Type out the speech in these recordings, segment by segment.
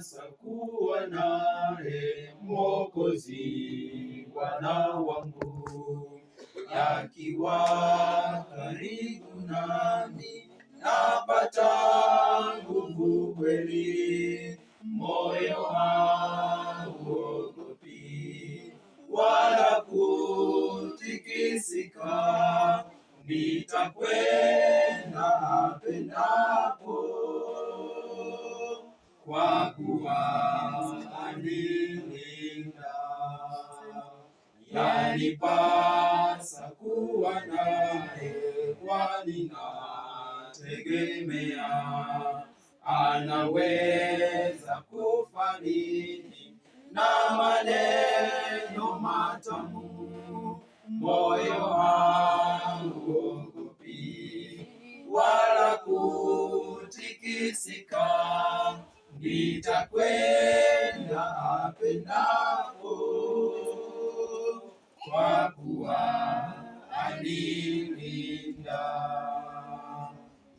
sasa kuwa naye Mwokozi, Bwana wangu, akiwa karibu nami napata nguvu kweli, moyo hauogopi wala kutikisika, nitakwenda yanipasa kuwa naye, kwani nategemea anaweza kufariji na maneno matamu, moyo wangu uogopi wala kutikisika, nitakwenda apendapo kwa kuwa alilinda.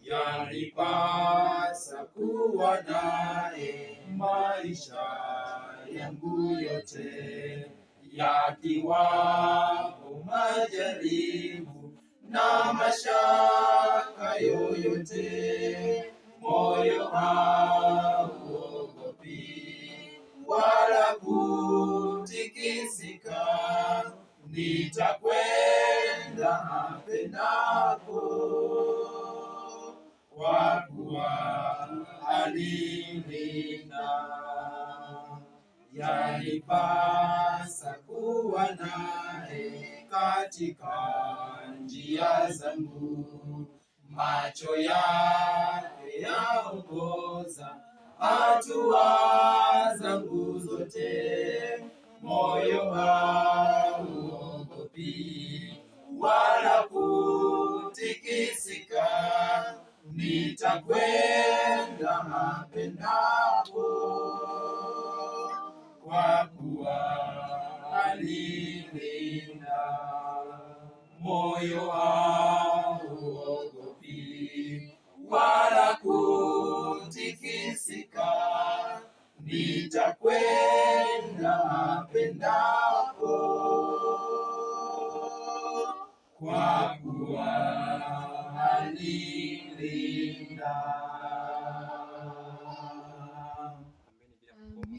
Yanipasa kuwa naye maisha yangu yote, yakiwapo majaribu na mashaka yoyote, moyo hauogopi wala kutikisika nitakwenda pendako kwa kuwa alilinda yalipasa kuwa naye katika njia zangu, macho yake yaongoza hatua zangu zote, moyo wangu nitakwenda mapendapo, kwa kuwa alilinda moyo wangu, ogopi wala kutikisika. Nitakwenda mapendapo in thy